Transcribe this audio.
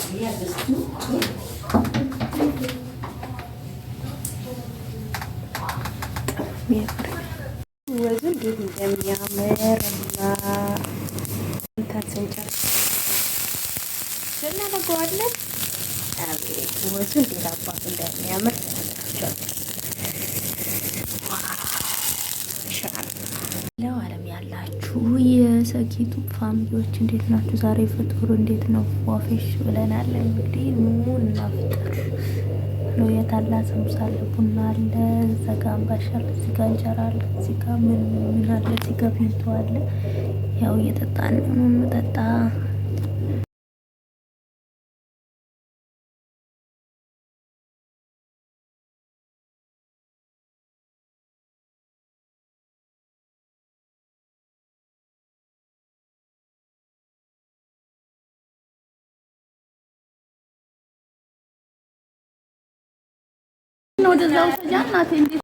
Yeah, ወዙ እንዴት እንደሚያምር እንትን ስንጨርስ እናደርገዋለን። አቤት ወዙ ዓለም ያላችሁ ሰኪቱ ፋሚሊዎች እንዴት ናችሁ? ዛሬ ፍጡሩ እንዴት ነው? ዋፌሽ ብለናል። እንግዲህ ሙን እናፍጠር ነው የታላ ጽምስ አለ፣ ቡና አለ፣ ዘጋ አምባሻል፣ እዚጋ እንጀራ አለ፣ እዚጋ ምን ምን አለ፣ እዚጋ ቢንቶ አለ። ያው እየጠጣ ነው። እንጠጣ orada Zavuşa Can'la